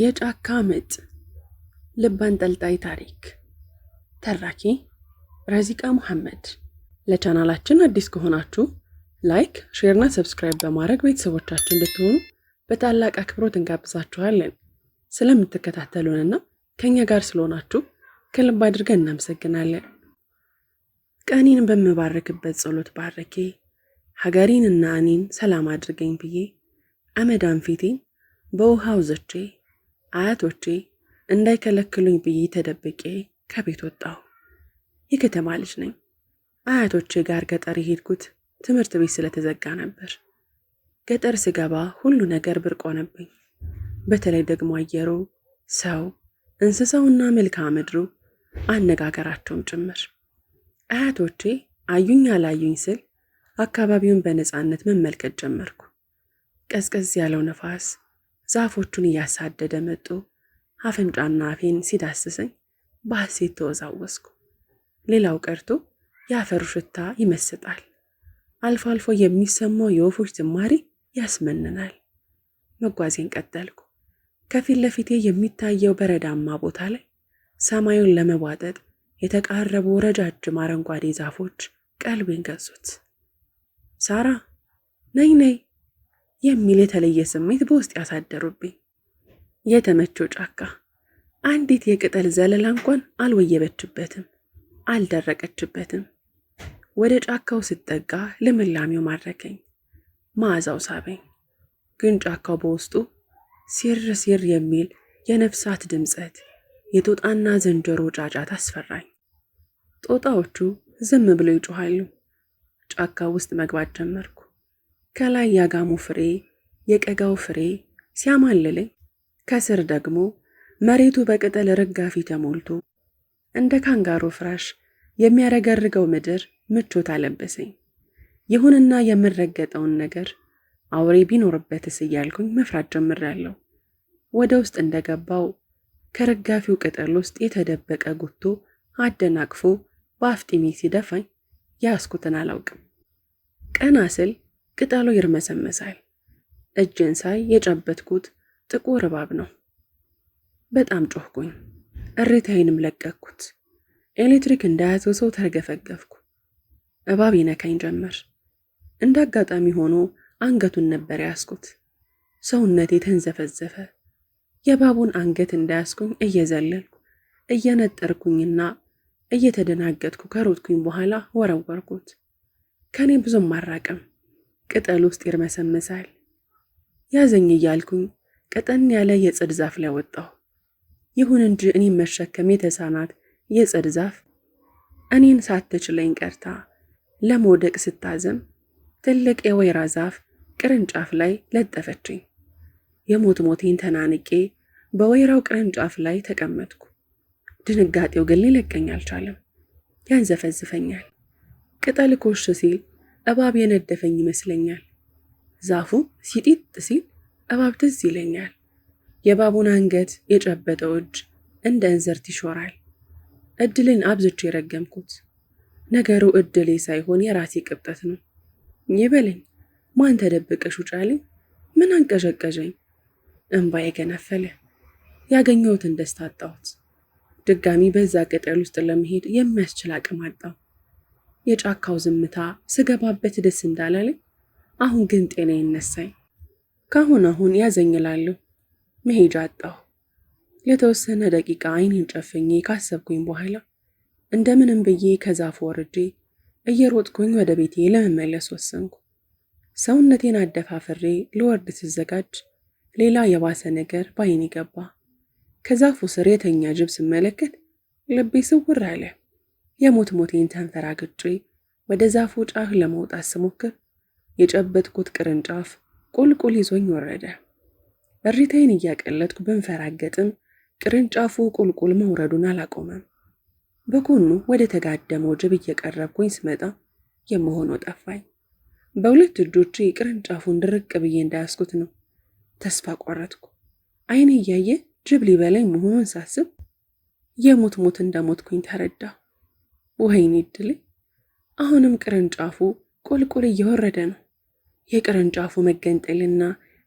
የጫካ ምጥ ልብ አንጠልጣይ ታሪክ ተራኪ ረዚቃ መሐመድ። ለቻናላችን አዲስ ከሆናችሁ ላይክ፣ ሼርና ሰብስክራይብ በማድረግ ቤተሰቦቻችን እንድትሆኑ በታላቅ አክብሮት እንጋብዛችኋለን። ስለምትከታተሉንና ከእኛ ጋር ስለሆናችሁ ከልብ አድርገን እናመሰግናለን። ቀኔን በምባረክበት ጸሎት ባረኬ ሀገሬን እና እኔን ሰላም አድርገኝ ብዬ አመዳን ፊቴን በውሃ ዘቼ አያቶቼ እንዳይከለክሉኝ ብዬ ተደብቄ ከቤት ወጣሁ። የከተማ ልጅ ነኝ። አያቶቼ ጋር ገጠር የሄድኩት ትምህርት ቤት ስለተዘጋ ነበር። ገጠር ስገባ ሁሉ ነገር ብርቅ ሆነብኝ። በተለይ ደግሞ አየሩ፣ ሰው፣ እንስሳውና መልክዓ ምድሩ አነጋገራቸውም ጭምር። አያቶቼ አዩኝ አላዩኝ ስል አካባቢውን በነፃነት መመልከት ጀመርኩ። ቀዝቀዝ ያለው ነፋስ ዛፎቹን እያሳደደ መጡ። አፍንጫና አፌን ሲዳስሰኝ በሐሴት ተወዛወስኩ። ሌላው ቀርቶ የአፈሩ ሽታ ይመስጣል። አልፎ አልፎ የሚሰማው የወፎች ዝማሬ ያስመንናል። መጓዜን ቀጠልኩ። ከፊት ለፊቴ የሚታየው በረዳማ ቦታ ላይ ሰማዩን ለመዋጠጥ የተቃረቡ ረጃጅም አረንጓዴ ዛፎች ቀልቤን ገጹት። ሳራ ነይ ነይ የሚል የተለየ ስሜት በውስጥ ያሳደሩብኝ። የተመቸው ጫካ አንዲት የቅጠል ዘለላ እንኳን አልወየበችበትም፣ አልደረቀችበትም። ወደ ጫካው ስጠጋ ልምላሜው ማረከኝ፣ መዓዛው ሳበኝ። ግን ጫካው በውስጡ ሲር ሲር የሚል የነፍሳት ድምፀት፣ የጦጣና ዝንጀሮ ጫጫት አስፈራኝ። ጦጣዎቹ ዝም ብለው ይጮኋሉ። ጫካው ውስጥ መግባት ጀመርኩ። ከላይ ያጋሙ ፍሬ የቀጋው ፍሬ ሲያማልልኝ ከስር ደግሞ መሬቱ በቅጠል ርጋፊ ተሞልቶ እንደ ካንጋሮ ፍራሽ የሚያረገርገው ምድር ምቾት አለበሰኝ። ይሁንና የምረገጠውን ነገር አውሬ ቢኖርበትስ እያልኩኝ መፍራት ጀምሬያለሁ። ወደ ውስጥ እንደገባው ከርጋፊው ቅጠል ውስጥ የተደበቀ ጉቶ አደናቅፎ በአፍጢሜ ሲደፋኝ ያስኩትን አላውቅም። ቀና ስል ቅጠሉ ይርመሰመሳል። እጄን ሳይ የጨበትኩት ጥቁር እባብ ነው። በጣም ጮህኩኝ፣ እሬታዬንም ለቀቅኩት። ኤሌክትሪክ እንዳያዘው ሰው ተርገፈገፍኩ። እባብ ይነካኝ ጀመር። እንደ አጋጣሚ ሆኖ አንገቱን ነበር ያስኩት። ሰውነቴ ተንዘፈዘፈ። የእባቡን አንገት እንዳያስኩኝ እየዘለልኩ እየነጠርኩኝና እየተደናገጥኩ ከሮጥኩኝ በኋላ ወረወርኩት። ከኔ ብዙም አራቅም። ቅጠል ውስጥ ይርመሰመሳል። ያዘኝ እያልኩኝ ቀጠን ያለ የጽድ ዛፍ ላይ ወጣሁ። ይሁን እንጂ እኔ መሸከም የተሳናት የጽድ ዛፍ እኔን ሳትችለኝ ቀርታ ለመውደቅ ስታዘም ትልቅ የወይራ ዛፍ ቅርንጫፍ ላይ ለጠፈችኝ። የሞት ሞቴን ተናንቄ በወይራው ቅርንጫፍ ላይ ተቀመጥኩ። ድንጋጤው ግን ሊለቀኝ አልቻለም፣ ያንዘፈዝፈኛል። ቅጠል ኮሽ ሲል እባብ የነደፈኝ ይመስለኛል። ዛፉ ሲጢጥ ሲል እባብ ትዝ ይለኛል። የእባቡን አንገት የጨበጠው እጅ እንደ እንዘርት ይሾራል። እድልን አብዝቼ የረገምኩት ነገሩ እድሌ ሳይሆን የራሴ ቅብጠት ነው። ይበለኝ ማን ተደብቀሽ ውጭ ምን አንቀዠቀዠኝ? እንባዬ ገነፈለ። ያገኘሁትን ደስታ አጣሁት። ድጋሚ በዛ ቅጠል ውስጥ ለመሄድ የሚያስችል አቅም አጣሁ። የጫካው ዝምታ ስገባበት ደስ እንዳላለኝ፣ አሁን ግን ጤና ይነሳኝ። ካሁን አሁን ያዘኝላለሁ። መሄጃ አጣሁ። ለተወሰነ ደቂቃ አይኔን ጨፍኜ ካሰብኩኝ በኋላ እንደምንም ብዬ ከዛፉ ወርጄ እየሮጥኩኝ ወደ ቤቴ ለመመለስ ወሰንኩ። ሰውነቴን አደፋፍሬ ልወርድ ስዘጋጅ ሌላ የባሰ ነገር በአይኔ ገባ። ከዛፉ ስር የተኛ ጅብ ስመለከት ልቤ ስውር አለ። የሞት ሞቴን ተንፈራግጬ ወደ ዛፉ ጫፍ ለመውጣት ስሞክር የጨበጥኩት ቅርንጫፍ ቁልቁል ይዞኝ ወረደ። እሪታዬን እያቀለጥኩ ብንፈራገጥም ቅርንጫፉ ቁልቁል መውረዱን አላቆመም። በጎኑ ወደ ተጋደመው ጅብ እየቀረብኩኝ ስመጣ የመሆነው ጠፋኝ። በሁለት እጆቼ ቅርንጫፉን ድርቅ ብዬ እንዳያስኩት ነው። ተስፋ ቆረጥኩ። አይኔ እያየ ጅብ ሊበላኝ መሆኑን ሳስብ የሞት ሞት እንደሞትኩኝ ተረዳሁ። ወይኔ እድሌ! አሁንም ቅርንጫፉ ቁልቁል እየወረደ ነው። የቅርንጫፉ መገንጠልና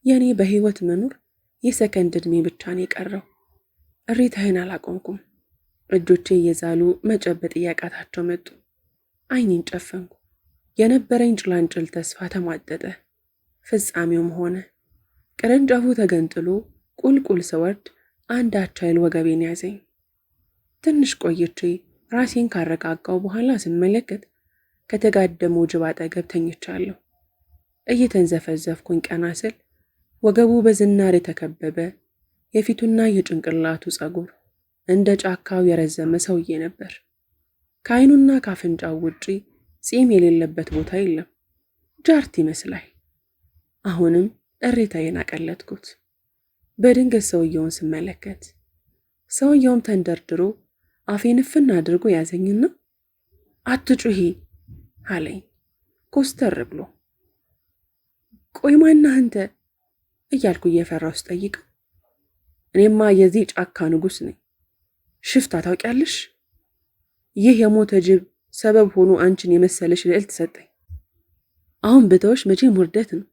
የእኔ በህይወት መኖር የሰከንድ ዕድሜ ብቻ ነው የቀረው። እሪታዬን አላቆምኩም። እጆቼ እየዛሉ መጨበጥ እያቃታቸው መጡ። አይኔን ጨፈንኩ። የነበረኝ ጭላንጭል ተስፋ ተሟጠጠ። ፍጻሜውም ሆነ። ቅርንጫፉ ተገንጥሎ ቁልቁል ስወርድ አንድ አቻይል ወገቤን ያዘኝ። ትንሽ ቆይቼ ራሴን ካረጋጋው በኋላ ስመለከት ከተጋደመው ጅብ አጠገብ ተኝቻለሁ። እየተንዘፈዘፍኩኝ ቀና ስል ወገቡ በዝናር የተከበበ የፊቱና የጭንቅላቱ ጸጉር እንደ ጫካው የረዘመ ሰውዬ ነበር። ከዓይኑና ከአፍንጫው ውጪ ጺም የሌለበት ቦታ የለም። ጃርት ይመስላል። አሁንም እሬታዬን አቀለጥኩት። በድንገት ሰውየውን ስመለከት ሰውየውም ተንደርድሮ አፌን እፍን አድርጎ ያዘኝና አትጩሂ አለኝ ኮስተር ብሎ። ቆይ ማነህ አንተ እያልኩ እየፈራሁ ጠይቅ እኔማ የዚህ ጫካ ንጉስ ነኝ። ሽፍታ ታውቂያለሽ? ይህ የሞተ ጅብ ሰበብ ሆኖ አንቺን የመሰለሽ ልዕልት ሰጠኝ። አሁን ብተውሽ መቼም ውርደት ነው።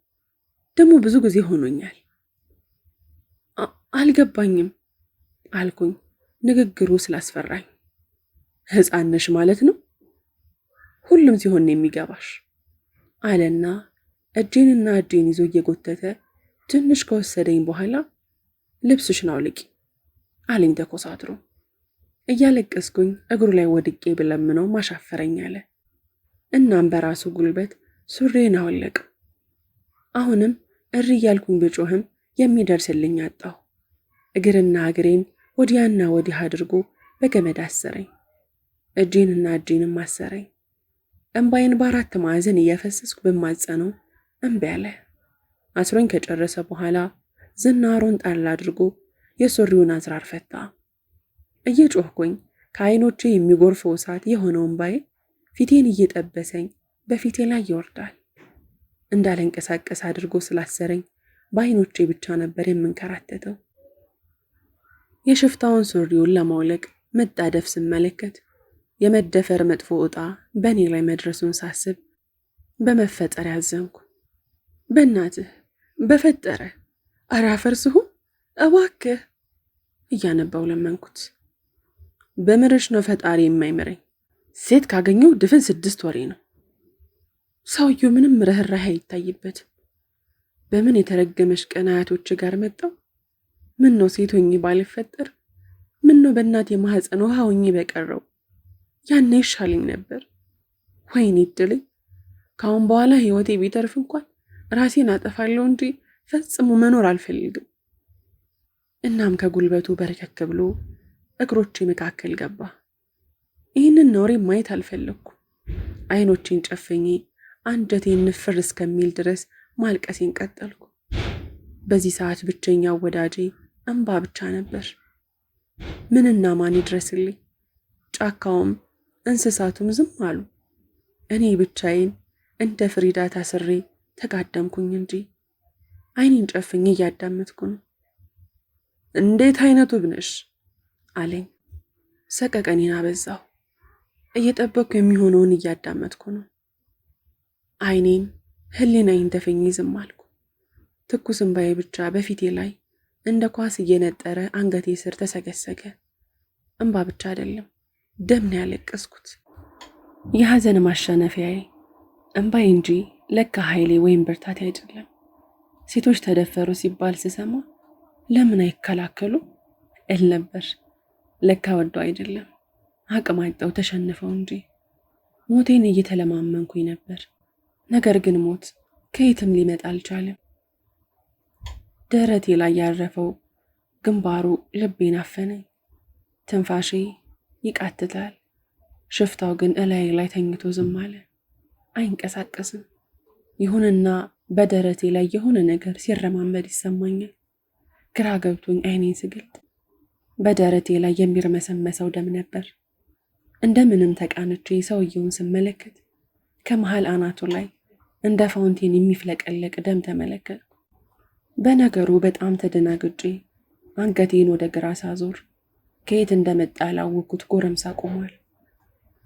ደግሞ ብዙ ጊዜ ሆኖኛል። አልገባኝም አልኩኝ። ንግግሩ ስላስፈራኝ። ሕፃን ነሽ ማለት ነው፣ ሁሉም ሲሆን የሚገባሽ አለና እጄንና እጄን ይዞ እየጎተተ ትንሽ ከወሰደኝ በኋላ ልብስሽን አውልቂ አለኝ ተኮሳትሮ። እያለቀስኩኝ እግሩ ላይ ወድቄ ብለምነው ማሻፈረኝ አለ። እናም በራሱ ጉልበት ሱሬን አወለቅም። አሁንም እሪ እያልኩኝ ብጮህም የሚደርስልኝ አጣሁ። እግርና እግሬን ወዲያና ወዲህ አድርጎ በገመድ አሰረኝ። እጄንና እጄንም አሰረኝ። እምባዬን በአራት ማዕዘን እያፈሰስኩ በማጸነው እምቢ አለ። አስሮኝ ከጨረሰ በኋላ ዝናሮን ጣል አድርጎ የሱሪውን አዝራር ፈታ። እየጮህኩኝ ከአይኖቼ የሚጎርፈው እሳት የሆነው እምባዬ ፊቴን እየጠበሰኝ በፊቴ ላይ ይወርዳል። እንዳለንቀሳቀስ አድርጎ ስላሰረኝ በአይኖቼ ብቻ ነበር የምንከራተተው። የሽፍታውን ሱሪውን ለማውለቅ መጣደፍ ስመለከት የመደፈር መጥፎ ዕጣ በእኔ ላይ መድረሱን ሳስብ በመፈጠር ያዘንኩ። በእናትህ በፈጠረ ኧረ ስሁ እባክህ እያነባው ለመንኩት። በምርሽ ነው ፈጣሪ የማይምረኝ ሴት ካገኘው ድፍን ስድስት ወሬ ነው። ሰውየው ምንም ርኅራኄ አይታይበትም። በምን የተረገመች ቀን አያቶች ጋር መጣው ምን ነው ሴት ሆኜ ባልፈጠር፣ ምን ነው በእናቴ ማኅፀን ውሃ ሆኜ በቀረው፣ ያኔ ይሻለኝ ነበር። ወይኔ እድሌ! ከአሁን በኋላ ህይወቴ ቢተርፍ እንኳን ራሴን አጠፋለሁ እንጂ ፈጽሞ መኖር አልፈልግም። እናም ከጉልበቱ በርከክ ብሎ እግሮቼ መካከል ገባ። ይህንን ነውሬ ማየት አልፈለግኩ። አይኖቼን ጨፍኜ አንጀቴን ንፍር እስከሚል ድረስ ማልቀሴን ቀጠልኩ። በዚህ ሰዓት ብቸኛው ወዳጄ እንባ ብቻ ነበር። ምንና ማን ይድረስልኝ? ጫካውም እንስሳቱም ዝም አሉ። እኔ ብቻዬን እንደ ፍሪዳ ታስሬ ተጋደምኩኝ እንጂ አይኔን ጨፍኝ እያዳመጥኩ ነው። እንዴት አይነቱ ብነሽ አለኝ። ሰቀቀኔን አበዛሁ። እየጠበቅኩ የሚሆነውን እያዳመጥኩ ነው። አይኔን ህሊናዬን ደፍኜ ዝም አልኩ። ትኩስ እምባዬ ብቻ በፊቴ ላይ እንደ ኳስ እየነጠረ አንገቴ ስር ተሰገሰገ። እንባ ብቻ አይደለም ደም ነው ያለቀስኩት። የሐዘን ማሸነፊያዬ እንባዬ እንጂ ለካ ኃይሌ ወይም ብርታት አይደለም። ሴቶች ተደፈሩ ሲባል ስሰማ ለምን አይከላከሉ እል ነበር። ለካ ወዶ አይደለም አቅም አጣው ተሸንፈው እንጂ። ሞቴን እየተለማመንኩኝ ነበር። ነገር ግን ሞት ከየትም ሊመጣ አልቻለም። ደረቴ ላይ ያረፈው ግንባሩ ልቤን አፈነኝ። ትንፋሼ ይቃትታል። ሽፍታው ግን እላይ ላይ ተኝቶ ዝም አለ፣ አይንቀሳቀስም። ይሁንና በደረቴ ላይ የሆነ ነገር ሲረማመድ ይሰማኛል። ግራ ገብቶኝ አይኔን ስግልጥ በደረቴ ላይ የሚርመሰመሰው ደም ነበር። እንደምንም ተቃንቼ ሰውየውን ስመለከት ከመሃል አናቱ ላይ እንደ ፋውንቴን የሚፍለቀለቅ ደም ተመለከትኩ። በነገሩ በጣም ተደናግጬ አንገቴን ወደ ግራ ሳዞር ከየት እንደመጣ ያላወቅኩት ጎረምሳ ቆሟል።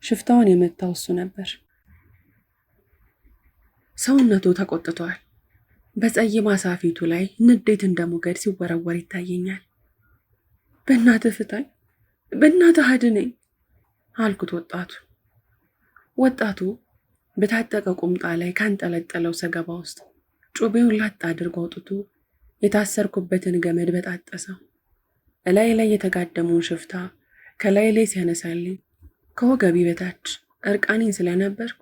ሽፍታውን የመታው እሱ ነበር። ሰውነቱ ተቆጥቷል። በፀይም ፊቱ ላይ ንዴት እንደ ሞገድ ሲወረወር ይታየኛል። በእናትህ ፍታኝ፣ በእናትህ አድነኝ አልኩት። ወጣቱ ወጣቱ በታጠቀ ቁምጣ ላይ ካንጠለጠለው ሰገባ ውስጥ ጩቤውን ላጥ አድርጎ አውጥቶ የታሰርኩበትን ገመድ በጣጠሰው። እላይ ላይ የተጋደመውን ሽፍታ ከላይ ላይ ሲያነሳልኝ ከወገቢ በታች እርቃኔን ስለነበርኩ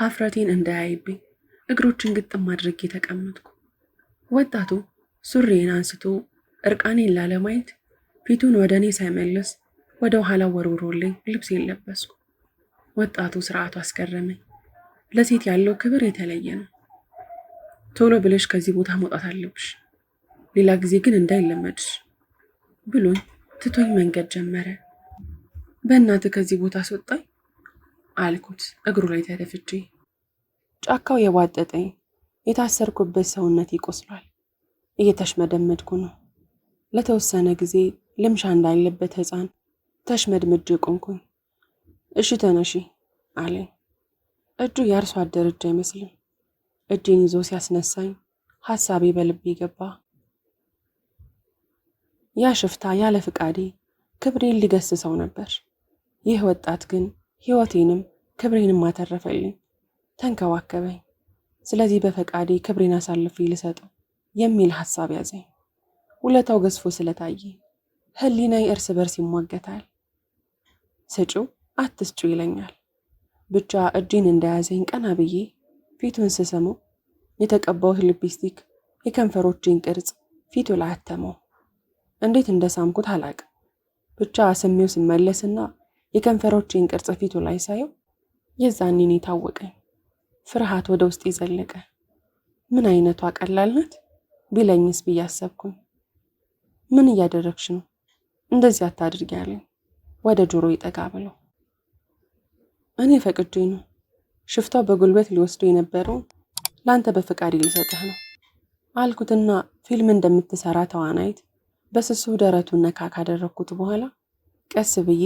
ሀፍረቴን እንዳያይብኝ እግሮችን ግጥም አድርጌ ተቀመጥኩ። ወጣቱ ሱሪዬን አንስቶ እርቃኔን ላለማየት ፊቱን ወደ እኔ ሳይመልስ ወደ ኋላ ወርውሮልኝ ልብሴን ለበስኩ። ወጣቱ ስርዓቱ አስገረመኝ። ለሴት ያለው ክብር የተለየ ነው። ቶሎ ብለሽ ከዚህ ቦታ መውጣት አለብሽ ሌላ ጊዜ ግን እንዳይለመድሽ ብሎኝ ትቶኝ መንገድ ጀመረ። በእናትህ ከዚህ ቦታ አስወጣኝ አልኩት እግሩ ላይ ተደፍቼ። ጫካው የቧጠጠኝ የታሰርኩበት ሰውነት ይቆስሏል። እየተሽመደመድኩ ነው። ለተወሰነ ጊዜ ልምሻ እንዳለበት ህፃን ተሽመድምድ ቆምኩኝ። እሺ ተነሺ አለኝ። እጁ የአርሶ አደር እጅ አይመስልም። እጄን ይዞ ሲያስነሳኝ ሀሳቤ በልቤ ገባ። ያ ሽፍታ ያለ ፍቃዴ ክብሬን ሊገስሰው ነበር። ይህ ወጣት ግን ሕይወቴንም ክብሬንም አተረፈልኝ፣ ተንከባከበኝ። ስለዚህ በፈቃዴ ክብሬን አሳልፌ ልሰጠው የሚል ሐሳብ ያዘኝ። ውለታው ገዝፎ ስለታየ ህሊናይ እርስ በርስ ይሟገታል። ስጪው አትስጩ ይለኛል። ብቻ እጄን እንደያዘኝ ቀና ብዬ ፊቱን ስስመው የተቀባሁት ሊፕስቲክ የከንፈሮቼን ቅርጽ ፊቱ ላይ አተመው። እንዴት እንደሳምኩት አላቅም። ብቻ ስሜው ሲመለስና የከንፈሮቼን ቅርጽ ፊቱ ላይ ሳየው የዛኔን የታወቀኝ ፍርሃት ወደ ውስጥ ይዘለቀ። ምን አይነቷ ቀላል ናት ቢለኝስ ብዬ አሰብኩኝ። ምን እያደረግሽ ነው? እንደዚህ አታድርጊ አለኝ ወደ ጆሮ ይጠጋ ብለው። እኔ ፈቅጄ ነው ሽፍታው በጉልበት ሊወስዱ የነበረውን ለአንተ በፈቃድ ሊሰጥህ ነው አልኩትና ፊልም እንደምትሰራ ተዋናይት በስሱ ደረቱን ነካ ካደረግኩት በኋላ ቀስ ብዬ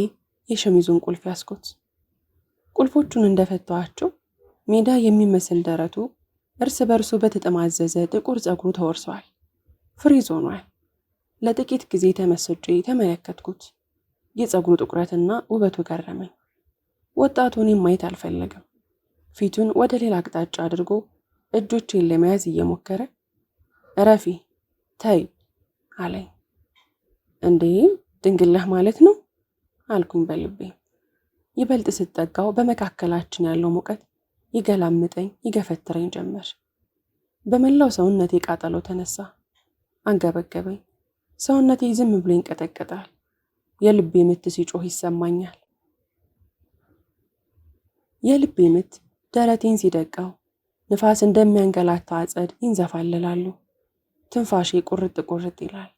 የሸሚዙን ቁልፍ ያስኩት። ቁልፎቹን እንደፈታኋቸው ሜዳ የሚመስል ደረቱ እርስ በርሱ በተጠማዘዘ ጥቁር ጸጉሩ ተወርሷል። ፍሪዝ ሆኗል። ለጥቂት ጊዜ ተመስጬ ተመለከትኩት። የጸጉሩ ጥቁረትና ውበቱ ገረመኝ። ወጣቱን ማየት አልፈለግም። ፊቱን ወደ ሌላ አቅጣጫ አድርጎ እጆቼን ለመያዝ እየሞከረ እረፊ ተይ አለኝ። እንዴ ድንግልህ ማለት ነው አልኩኝ በልቤ። ይበልጥ ስጠጋው በመካከላችን ያለው ሙቀት ይገላምጠኝ ይገፈትረኝ ጀመር። በመላው ሰውነቴ ቃጠሎ ተነሳ፣ አንገበገበኝ። ሰውነቴ ዝም ብሎ ይንቀጠቀጣል። የልቤ ምት ሲጮህ ይሰማኛል። የልቤ ምት ደረቴን ሲደቃው ንፋስ እንደሚያንገላታ አጸድ ይንዘፋለላሉ። ትንፋሼ ቁርጥ ቁርጥ ይላል።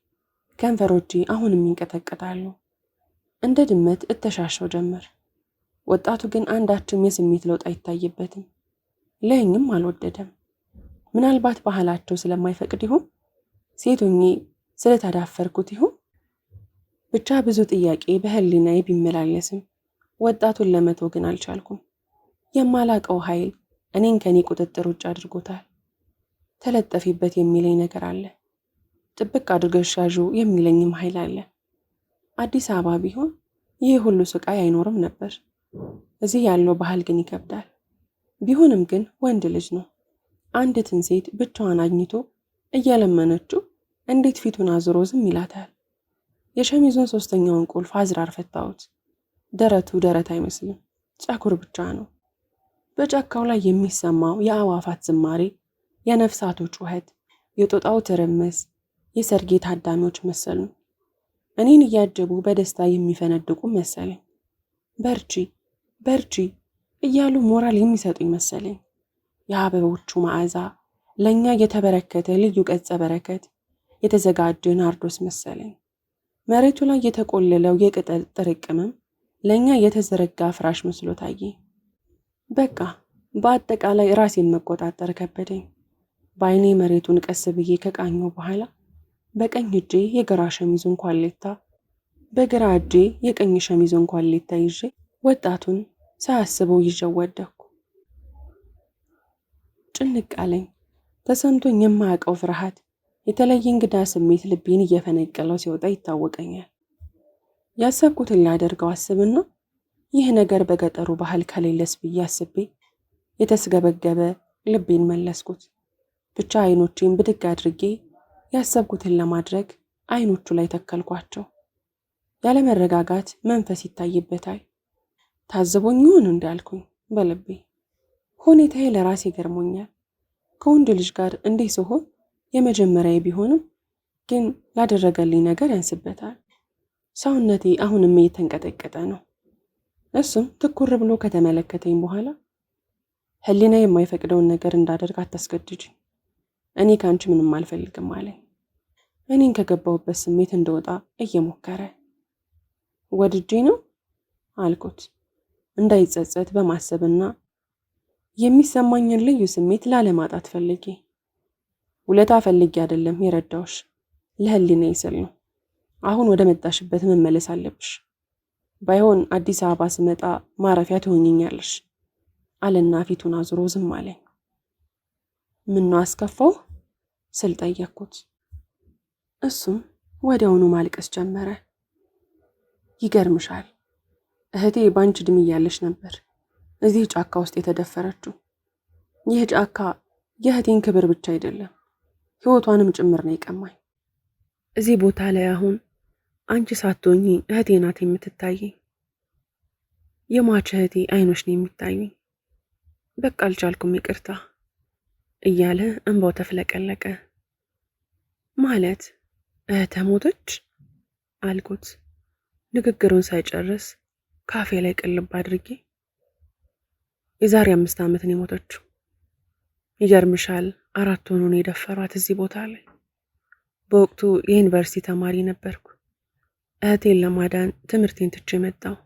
ከንፈሮቼ አሁንም ይንቀጠቀጣሉ። እንደ ድመት እተሻሸው ጀመር። ወጣቱ ግን አንዳችም የስሜት ለውጥ አይታይበትም። ለእኝም አልወደደም። ምናልባት ባህላቸው ስለማይፈቅድ ይሁን ሴቶኜ ስለተዳፈርኩት ይሁን ብቻ ብዙ ጥያቄ በህሊናዬ ቢመላለስም ወጣቱን ለመተው ግን አልቻልኩም። የማላቀው ኃይል እኔን ከኔ ቁጥጥር ውጭ አድርጎታል። ተለጠፊበት የሚለኝ ነገር አለ። ጥብቅ አድርገሽ ያዢው የሚለኝም ኃይል አለ። አዲስ አበባ ቢሆን ይህ ሁሉ ስቃይ አይኖርም ነበር። እዚህ ያለው ባህል ግን ይከብዳል። ቢሆንም ግን ወንድ ልጅ ነው። አንዲትን ሴት ብቻዋን አግኝቶ እየለመነችው እንዴት ፊቱን አዝሮ ዝም ይላታል? የሸሚዙን ሶስተኛውን ቁልፍ አዝራር ፈታሁት። ደረቱ ደረት አይመስልም፣ ጸጉር ብቻ ነው። በጫካው ላይ የሚሰማው የአዕዋፋት ዝማሬ፣ የነፍሳቱ ጩኸት፣ የጦጣው ትርምስ፣ የሰርጌ ታዳሚዎች መሰሉ! እኔን እያጀቡ በደስታ የሚፈነድቁ መሰለኝ። በርቺ በርቺ እያሉ ሞራል የሚሰጡኝ መሰለኝ። የአበቦቹ መዓዛ ለእኛ የተበረከተ ልዩ ቀጸ በረከት የተዘጋጀ ናርዶስ መሰለኝ። መሬቱ ላይ የተቆለለው የቅጠል ጥርቅምም ለእኛ የተዘረጋ ፍራሽ መስሎ ታየ። በቃ በአጠቃላይ ራሴን መቆጣጠር ከበደኝ። በአይኔ መሬቱን ቀስ ብዬ ከቃኘው በኋላ በቀኝ እጄ የግራ ሸሚዙን ኳሌታ በግራ እጄ የቀኝ ሸሚዙን ኳሌታ ይዤ ወጣቱን ሳያስበው ይዤው ወደኩ። ጭንቅ አለኝ። ተሰምቶኝ የማያውቀው ፍርሃት፣ የተለየ እንግዳ ስሜት ልቤን እየፈነቀለው ሲወጣ ይታወቀኛል። ያሰብኩትን ላደርገው አስብና ይህ ነገር በገጠሩ ባህል ከሌለስ ብዬ አስቤ የተስገበገበ ልቤን መለስኩት። ብቻ አይኖቼን ብድግ አድርጌ ያሰብኩትን ለማድረግ አይኖቹ ላይ ተከልኳቸው። ያለመረጋጋት መንፈስ ይታይበታል። ታዝቦኝ ይሆን እንዳልኩኝ በልቤ ሁኔታዬ ለራሴ ገርሞኛል። ከወንድ ልጅ ጋር እንዴ ሲሆን የመጀመሪያ ቢሆንም ግን ላደረገልኝ ነገር ያንስበታል። ሰውነቴ አሁንም እየተንቀጠቀጠ ነው። እሱም ትኩር ብሎ ከተመለከተኝ በኋላ ህሊና የማይፈቅደውን ነገር እንዳደርግ አታስገድጅኝ፣ እኔ ከአንቺ ምንም አልፈልግም አለኝ። እኔን ከገባሁበት ስሜት እንደወጣ እየሞከረ ወድጄ ነው አልኩት እንዳይጸጸት በማሰብና የሚሰማኝን ልዩ ስሜት ላለማጣት ፈልጌ። ውለታ ፈልጌ አይደለም የረዳውሽ፣ ለህሊና ይስል ነው። አሁን ወደ መጣሽበት መመለስ አለብሽ። ባይሆን አዲስ አበባ ስመጣ ማረፊያ ትሆኝኛለሽ አለና ፊቱን አዙሮ ዝም አለኝ። ምነው አስከፋው ስል ጠየቅኩት። እሱም ወዲያውኑ ማልቀስ ጀመረ። ይገርምሻል እህቴ ባንቺ ድም እያለች ነበር እዚህ ጫካ ውስጥ የተደፈረችው። ይህ ጫካ የእህቴን ክብር ብቻ አይደለም ህይወቷንም ጭምር ነው የቀማኝ። እዚህ ቦታ ላይ አሁን አንቺ ሳትሆኚ እህቴ ናት የምትታየኝ። የሟች እህቴ አይኖች ነው የሚታየኝ በቃ አልቻልኩም፣ ይቅርታ እያለ እንባው ተፍለቀለቀ ማለት ሞተች አልኩት። ንግግሩን ሳይጨርስ ካፌ ላይ ቅልብ አድርጌ የዛሬ አምስት ዓመት ነው የሞተችው። ይገርምሻል፣ አራት ሆኖ ነው የደፈሯት እዚህ ቦታ ላይ። በወቅቱ የዩኒቨርሲቲ ተማሪ ነበርኩ። እህቴን ለማዳን ትምህርቴን ትቼ መጣሁ።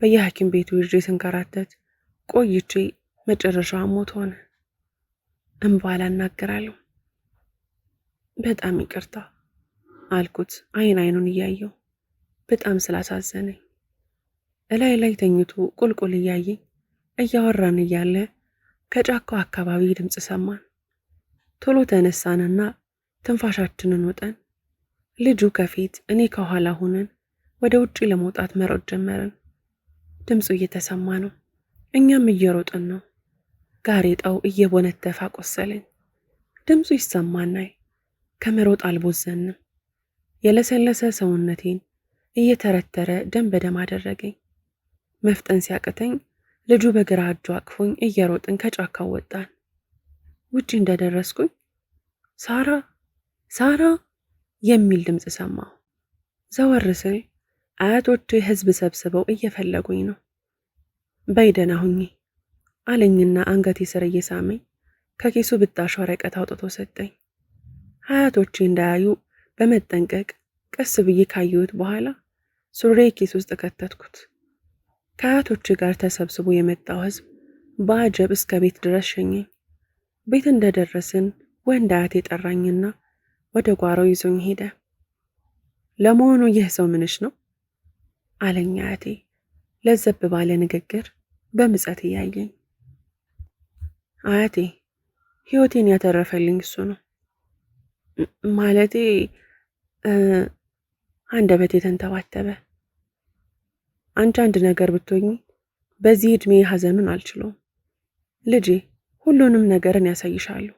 በየሐኪም ቤቱ ይዤ ስንከራተት ቆይቼ መጨረሻ ሞት ሆነ። እምባ እናገራለሁ። በጣም ይቅርታ። አልኩት አይን አይኑን እያየው በጣም ስላሳዘነኝ። እላይ ላይ ተኝቶ ቁልቁል እያየኝ እያወራን እያለ ከጫካው አካባቢ ድምፅ ሰማን። ቶሎ ተነሳንና ትንፋሻችንን ውጠን ልጁ ከፊት እኔ ከኋላ ሆነን ወደ ውጭ ለመውጣት መሮጥ ጀመርን። ድምፁ እየተሰማ ነው፣ እኛም እየሮጥን ነው። ጋሬጣው እየቦነተፈ አቆሰለኝ። ድምፁ ይሰማናል፣ ከመሮጥ አልቦዘንም። የለሰለሰ ሰውነቴን እየተረተረ ደም በደም አደረገኝ። መፍጠን ሲያቅተኝ ልጁ በግራ እጁ አቅፎኝ እየሮጥን ከጫካው ወጣን። ውጪ እንደደረስኩኝ ሳራ ሳራ የሚል ድምፅ ሰማሁ። ዘወር ስል አያቶቹ የህዝብ ሰብስበው እየፈለጉኝ ነው። በይ ደህና ሁኚ አለኝና አንገቴ ስር እየሳመኝ ከኪሱ ብጣሽ ወረቀት አውጥቶ ሰጠኝ። አያቶቼ እንዳያዩ በመጠንቀቅ ቀስ ብዬ ካየሁት በኋላ ሱሬ ኪስ ውስጥ ከተትኩት። ከአያቶች ጋር ተሰብስቦ የመጣው ህዝብ በአጀብ እስከ ቤት ድረስ ሸኘኝ። ቤት እንደደረስን ወንድ አያቴ ጠራኝና ወደ ጓሮው ይዞኝ ሄደ። ለመሆኑ ይህ ሰው ምንሽ ነው? አለኝ አያቴ ለዘብ ባለ ንግግር በምጸት እያየኝ። አያቴ ህይወቴን ያተረፈልኝ እሱ ነው ማለቴ አንደበት የተንተባተበ አንቺ አንድ ነገር ብትሆኝ በዚህ እድሜ ሐዘኑን አልችለውም። ልጄ ሁሉንም ነገርን ያሳይሻሉ።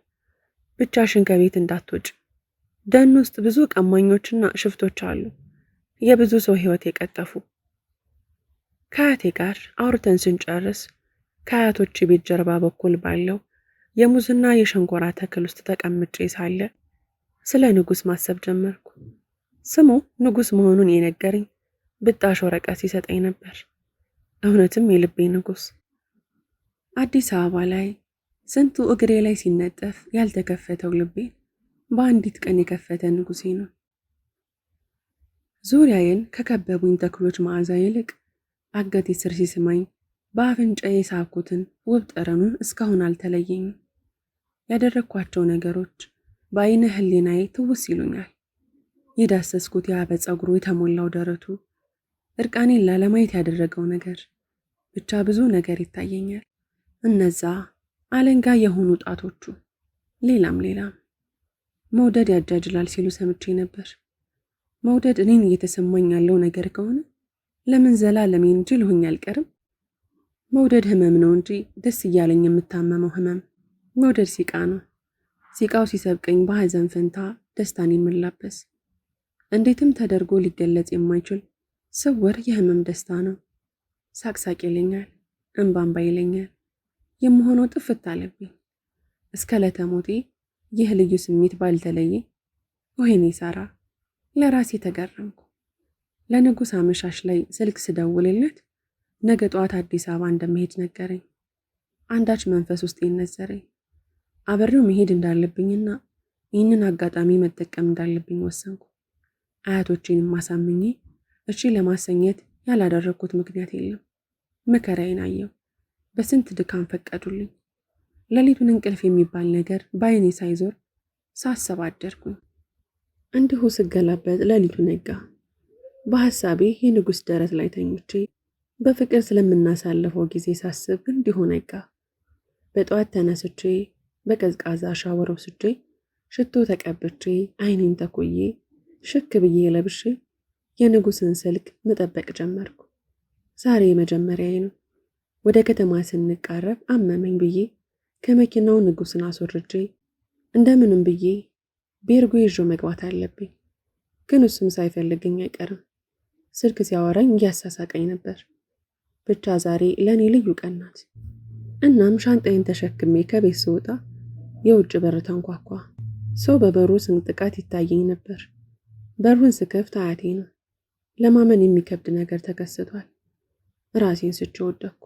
ብቻሽን ከቤት እንዳትወጭ። ደን ውስጥ ብዙ ቀማኞችና ሽፍቶች አሉ፣ የብዙ ሰው ሕይወት የቀጠፉ። ከአያቴ ጋር አውርተን ስንጨርስ ከአያቶች ቤት ጀርባ በኩል ባለው የሙዝና የሸንኮራ ተክል ውስጥ ተቀምጬ ሳለ ስለ ንጉሥ ማሰብ ጀመርኩ። ስሙ ንጉስ መሆኑን የነገረኝ ብጣሽ ወረቀት ሲሰጠኝ ነበር። እውነትም የልቤ ንጉስ አዲስ አበባ ላይ ስንቱ እግሬ ላይ ሲነጠፍ ያልተከፈተው ልቤን በአንዲት ቀን የከፈተ ንጉሴ ነው። ዙሪያዬን ከከበቡኝ ተክሎች መዓዛ ይልቅ አገቴ ስር ሲስማኝ በአፍንጫዬ የሳብኩትን ውብ ጠረኑን እስካሁን አልተለየኝም። ያደረግኳቸው ነገሮች በአይነ ሕሊናዬ ትውስ ይሉኛል። የዳሰስኩት የአበ ጸጉሩ የተሞላው ደረቱ እርቃኔን ላለማየት ያደረገው ነገር ብቻ ብዙ ነገር ይታየኛል። እነዛ አለንጋ የሆኑ ጣቶቹ፣ ሌላም ሌላም። መውደድ ያጃጅላል ሲሉ ሰምቼ ነበር። መውደድ እኔን እየተሰማኝ ያለው ነገር ከሆነ ለምን ዘላለሜ እንጂ ልሆኝ አልቀርም? መውደድ ህመም ነው እንጂ ደስ እያለኝ የምታመመው ህመም መውደድ ሲቃ ነው። ሲቃው ሲሰብቀኝ በሐዘን ፈንታ ደስታን የምላበስ እንዴትም ተደርጎ ሊገለጽ የማይችል ስውር የህመም ደስታ ነው። ሳቅሳቅ ይለኛል፣ እንባንባ ይለኛል። የምሆነው ጥፍት አለብኝ። እስከ ለተሞቴ ይህ ልዩ ስሜት ባልተለየ። ወይኔ ሳራ! ለራሴ ተገረምኩ። ለንጉሥ አመሻሽ ላይ ስልክ ስደውልለት ነገ ጠዋት አዲስ አበባ እንደመሄድ ነገረኝ። አንዳች መንፈስ ውስጥ ይነዘረኝ። አብሬው መሄድ እንዳለብኝና ይህንን አጋጣሚ መጠቀም እንዳለብኝ ወሰንኩ። አያቶቼንም ማሳምኝ እሺ ለማሰኘት ያላደረግኩት ምክንያት የለም። መከራዬን አየው። በስንት ድካም ፈቀዱልኝ። ሌሊቱን እንቅልፍ የሚባል ነገር በአይኔ ሳይዞር ሳሰብ አደርኩኝ። እንዲሁ ስገላበጥ ሌሊቱ ነጋ። በሐሳቤ የንጉሥ ደረት ላይ ተኝቼ በፍቅር ስለምናሳልፈው ጊዜ ሳስብ እንዲሁ ነጋ። በጠዋት ተነስቼ በቀዝቃዛ ሻወር ወስጄ ሽቶ ተቀብቼ አይኔን ተኩዬ ሽክ ብዬ ለብሼ የንጉስን ስልክ መጠበቅ ጀመርኩ። ዛሬ መጀመሪያዬ ነው። ወደ ከተማ ስንቃረብ አመመኝ ብዬ ከመኪናው ንጉስን አስወርጄ እንደምንም ብዬ ቤርጎ ይዞ መግባት አለብኝ። ግን እሱም ሳይፈልግኝ አይቀርም። ስልክ ሲያወራኝ እያሳሳቀኝ ነበር። ብቻ ዛሬ ለእኔ ልዩ ቀን ናት። እናም ሻንጣዬን ተሸክሜ ከቤት ስወጣ የውጭ በር ተንኳኳ። ሰው በበሩ ስንጥቃት ይታየኝ ነበር። በሩን ስከፍት አያቴ ነው። ለማመን የሚከብድ ነገር ተከስቷል። ራሴን ስቼ ወደኩ።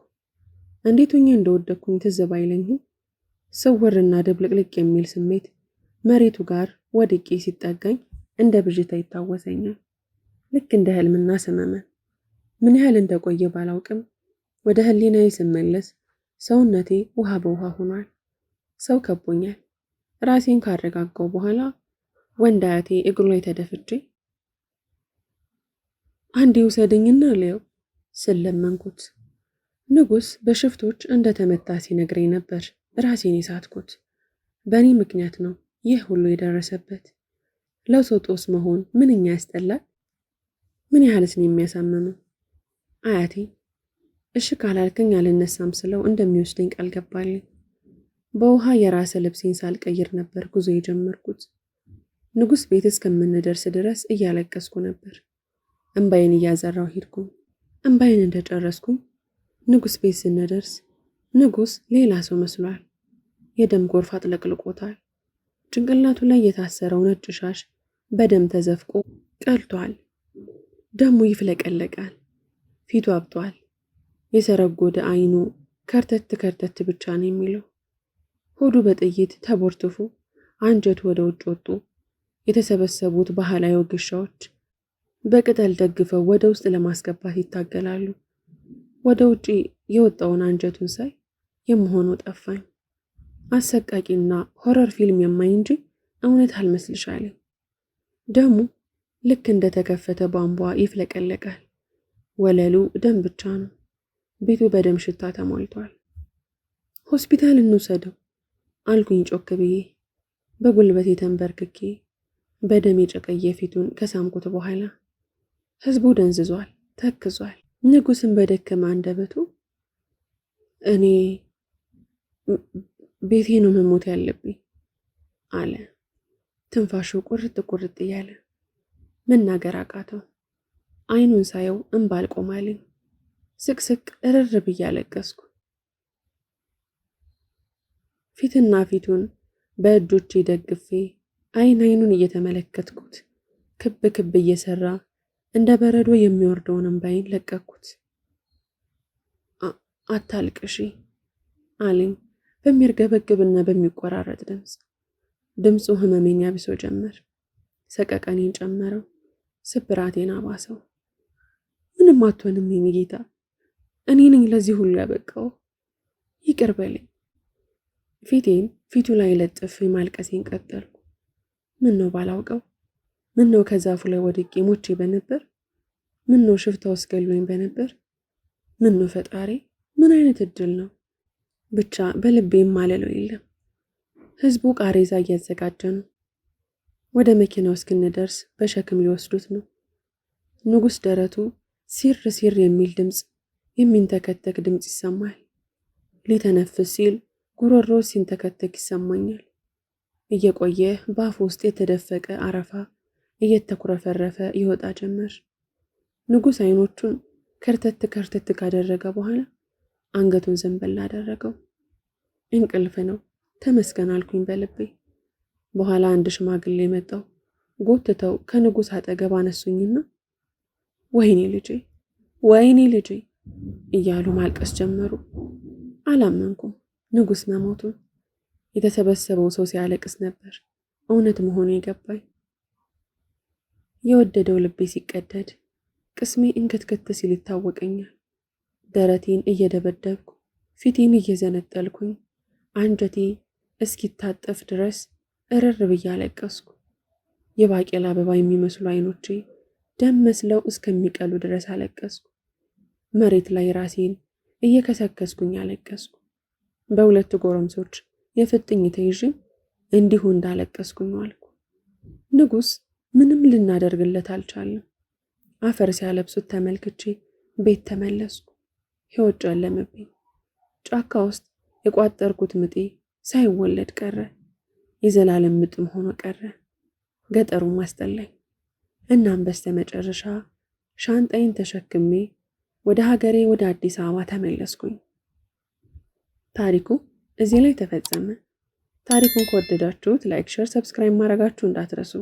እንዴት ሆኜ እንደወደቅኩኝ ትዝ ባይለኝም ስውርና ድብልቅልቅ የሚል ስሜት መሬቱ ጋር ወድቄ ሲጠጋኝ እንደ ብዥታ ይታወሰኛል። ልክ እንደ ህልምና ስመመን! ምን ያህል እንደቆየ ባላውቅም ወደ ህሊናዬ ስመለስ ሰውነቴ ውሃ በውሃ ሆኗል። ሰው ከቦኛል። ራሴን ካረጋጋው በኋላ ወንድ አያቴ እግሩ ላይ ተደፍቼ አንዴ ውሰደኝና ልየው ስለመንኩት። ንጉስ በሽፍቶች እንደተመታ ሲነግረኝ ነበር። ራሴን የሳትኩት በእኔ ምክንያት ነው ይህ ሁሉ የደረሰበት። ለሰው ጦስ መሆን ምንኛ ያስጠላል! ምን ያህልስን የሚያሳምመው አያቴ እሺ ካላልከኝ አልነሳም ስለው እንደሚወስደኝ ቃል ገባልኝ። በውሃ የራሰ ልብሴን ሳልቀይር ነበር ጉዞ የጀመርኩት። ንጉሥ ቤት እስከምንደርስ ድረስ እያለቀስኩ ነበር። እምባይን እያዘራው ሄድኩ! እምባይን እንደጨረስኩ! ንጉሥ ቤት ስንደርስ ንጉሥ ሌላ ሰው መስሏል። የደም ጎርፍ አጥለቅልቆታል። ጭንቅላቱ ላይ የታሰረው ነጭ ሻሽ በደም ተዘፍቆ ቀልቷል። ደሙ ይፍለቀለቃል። ፊቱ አብጧል። የሰረጎደ አይኑ ከርተት ከርተት ብቻ ነው የሚለው። ሆዱ በጥይት ተቦርትፎ አንጀቱ ወደ ውጭ ወጡ። የተሰበሰቡት ባህላዊ ወገሻዎች በቅጠል ደግፈው ወደ ውስጥ ለማስገባት ይታገላሉ። ወደ ውጪ የወጣውን አንጀቱን ሳይ የመሆኑ ጠፋኝ። አሰቃቂና ሆረር ፊልም የማይ እንጂ እውነት አልመስልሻለኝ። ደሙ ልክ እንደ ተከፈተ ቧንቧ ይፍለቀለቃል። ወለሉ ደም ብቻ ነው። ቤቱ በደም ሽታ ተሞልቷል። ሆስፒታል እንውሰደው አልኩኝ ጮክ ብዬ በጉልበቴ በደም የጨቀየ ፊቱን ከሳምኩት በኋላ ህዝቡ ደንዝዟል፣ ተክዟል። ንጉስን በደከመ አንደበቱ እኔ ቤቴ ነው መሞት ያለብኝ አለ። ትንፋሹ ቁርጥ ቁርጥ እያለ መናገር አቃተው። አይኑን ሳየው እንባል አልቆማልኝ። ስቅስቅ እርር ብዬ አለቀስኩ። ፊትና ፊቱን በእጆቼ ደግፌ አይን አይኑን እየተመለከትኩት ክብ ክብ እየሰራ እንደ በረዶ የሚወርደውን እምባይን ለቀኩት። አታልቅሺ አለኝ በሚርገበግብና በሚቆራረጥ ድምፅ። ድምፁ ህመሜን ያብሶ ጀመር። ሰቀቀኔን ጨመረው፣ ስብራቴን አባሰው። ምንም አትሆንም የኔ ጌታ፣ እኔ ነኝ ለዚህ ሁሉ ያበቃው፣ ይቅር በለኝ። ፊቴን ፊቱ ላይ ለጥፍ ማልቀሴን ቀጠሉ። ምን ነው ባላውቀው፣ ምን ነው ከዛፉ ላይ ወድቄ ሞቼ በነበር፣ ምን ነው ሽፍታው ውስጥ በነበር፣ ምን ነው ፈጣሪ፣ ምን አይነት እድል ነው። ብቻ በልቤ የማለለው የለም። ህዝቡ ቃሬዛ እያዘጋጀ ነው። ወደ መኪናው እስክንደርስ በሸክም ሊወስዱት ነው። ንጉሥ ደረቱ ሲር ሲር የሚል ድምፅ፣ የሚንተከተክ ድምፅ ይሰማል። ሊተነፍስ ሲል ጉሮሮ ሲንተከተክ ይሰማኛል። እየቆየ በአፍ ውስጥ የተደፈቀ አረፋ እየተኩረፈረፈ ይወጣ ጀመር። ንጉሥ አይኖቹን ከርተት ከርተት ካደረገ በኋላ አንገቱን ዘንበል አደረገው። እንቅልፍ ነው ተመስገን አልኩኝ በልቤ። በኋላ አንድ ሽማግሌ መጣው። ጎትተው ከንጉሥ አጠገብ አነሱኝና ወይኔ ልጄ ወይኔ ልጄ እያሉ ማልቀስ ጀመሩ። አላመንኩም ንጉሥ መሞቱን። የተሰበሰበው ሰው ሲያለቅስ ነበር። እውነት መሆኑ የገባኝ የወደደው ልቤ ሲቀደድ ቅስሜ እንከትከት ሲል ይታወቀኛል። ደረቴን እየደበደብኩ ፊቴን እየዘነጠልኩኝ አንጀቴ እስኪታጠፍ ድረስ እርር ብዬ አለቀስኩ። የባቄላ አበባ የሚመስሉ አይኖቼ ደም መስለው እስከሚቀሉ ድረስ አለቀስኩ። መሬት ላይ ራሴን እየከሰከስኩኝ አለቀስኩ። በሁለት ጎረምሶች የፍጥኝ ተይዥ እንዲሁ እንዳለቀስኩኝ ዋልኩ። ንጉስ ምንም ልናደርግለት አልቻለም። አፈር ሲያለብሱት ተመልክቼ ቤት ተመለስኩ። ህይወት ጨለመብኝ። ጫካ ውስጥ የቋጠርኩት ምጤ ሳይወለድ ቀረ። የዘላለም ምጥም ሆኖ ቀረ። ገጠሩም አስጠላኝ። እናም በስተ መጨረሻ ሻንጣይን ተሸክሜ ወደ ሀገሬ ወደ አዲስ አበባ ተመለስኩኝ። ታሪኩ እዚህ ላይ ተፈጸመ። ታሪኩን ከወደዳችሁት ላይክ፣ ሸር፣ ሰብስክራይብ ማድረጋችሁ እንዳትረሱ።